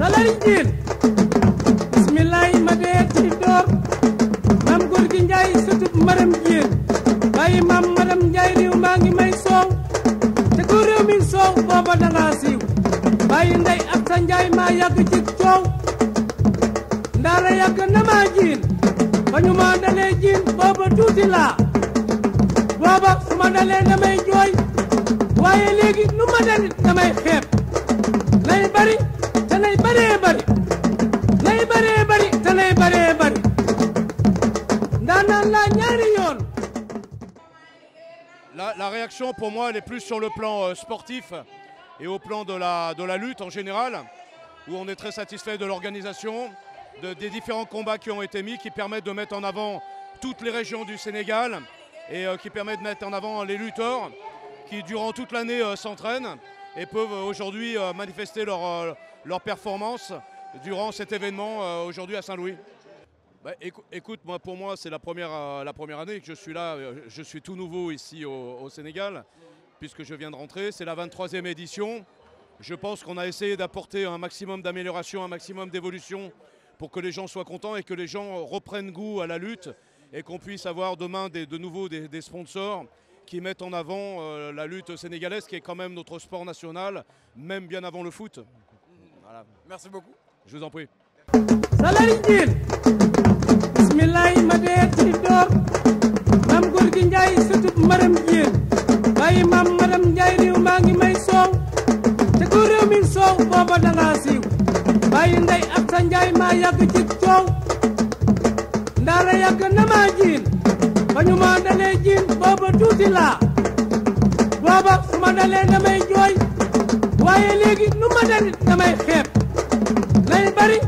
salari jiin bismillaay ma dee ci door maam njaay sutub maram jiin bàyyi maam maram njaay riw maa ngi may soow te ko réew mi soow booba danga siiw bàyyi ndey ak sa njaay maa yàgg ci coow ndaara yàgg na maa jiin ba ñu jiin booba tuuti laa booba su ma dalee damay jooy waaye léegi nu ma dalit damay xeeb La, réaction pour moi elle est plus sur le plan euh, sportif et au plan de la, de la lutte en général, où on est très satisfait de l'organisation, des différents combats qui ont été mis, qui permettent de mettre en avant toutes les régions du Sénégal et euh, qui permettent de mettre en avant les lutteurs qui durant toute l'année euh, s'entraînent et peuvent aujourd'hui manifester leur, leur performance durant cet événement aujourd'hui à Saint-Louis. Bah, écoute, moi, pour moi, c'est la première, euh, la première année que je suis là. Euh, je suis tout nouveau ici au, Sénégal, puisque je viens de rentrer. C'est la 23e édition. Je pense qu'on a essayé d'apporter un maximum d'amélioration, un maximum d'évolution pour que les gens soient contents et que les gens reprennent goût à la lutte et qu'on puisse avoir demain de nouveau des, sponsors qui mettent en avant euh, la lutte sénégalaise, qui est quand même notre sport national, même bien avant le foot. Merci beaucoup. Je vous en prie. maram jéen bàyyi maam maram njaay riw maa ngi may soow te ku réew mi soow booba danga siiw bàyyi ndey ab sa njaay maa yàgg ci coow ndaara yàgg na maa jiin ba ñu dalee jiin booba tuuti laa booba ma dalee damay jooy waaye léegi nu ma dalit damay xeeb lay bari